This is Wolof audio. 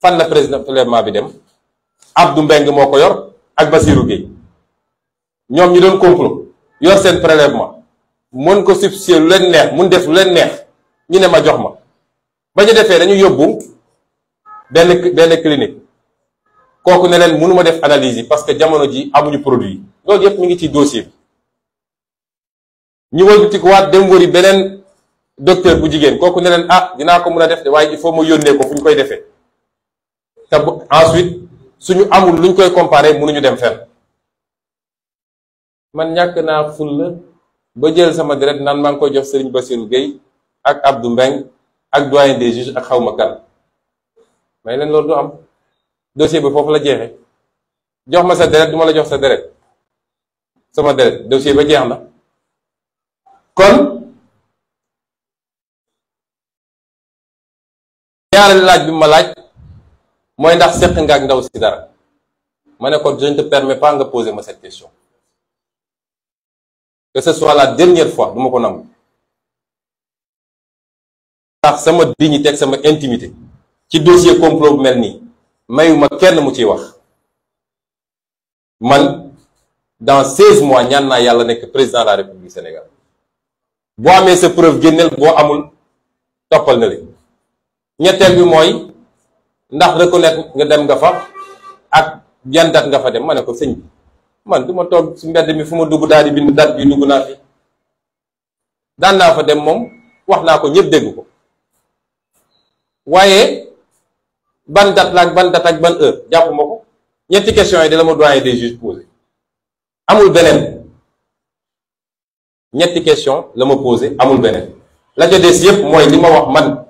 fan la président prélèvement bi dem Abdou mbeng moo ko yor ak Bassirou Gueye ñoom ñi doon complot yor seen prélèvement mën ko substituer lu leen neex mun def lu leen neex ñu ne ma jox ma ba ñu defee dañu yóbbu benn benn clinique kooku ne leen mënu def analyse yi parce que jamono ji amuñu produit loolu yëpp mi ngi ci dossier bi ñu wëlbatikuwaat dem wëri beneen docteur bu jigéen kooku ne leen ah dinaa ko mun a def de waaye il faut ma yónnee ko fu ñu koy defee te bu ensuite suñu amul luñ koy comparer ñu dem fenn man ñàkk naa fulla ba jël sama deret naan maa ngi koy jox Serigne Bassirou Gueye ak Abdou Mbeng ak doyen des juges ak xawma kan may leen loolu du am dossier bi foofu la jeexe jox ma sa deret du ma la jox sa deret sama deret dossier ba jeex na kon ñaareelu laaj bi ma laaj moy ndax sekk nga ak ndaw si dara ko je ne te permets pas nga poser ma cette question que ce soit la dernière fois du ma ko nangu ndax sama dignité ak sama intimité ci dossier complot bu mel nii mayuma kenn mu ci wax man dans seize mois ñaan naa yàlla nekk président de la république Sénégal boo amee sa preuve génneel boo amul toppal na li ñetteel bi mooy ndax reconnaître nga dem nga fa ak yan date nga fa dem ma ne ko sëñ bi man du ma toog ci mbedd mi fu ma dugg daal di bind date bi dugg naa fi daan naa fa dem moom wax naa ko ñëpp dégg ko waaye ban date la ban date ak ban heure jàpp ko ñetti question yi di la ma doyen des juges posé amul beneen ñetti question la ma posé amul beneen la ca des yëpp mooy li ma wax man.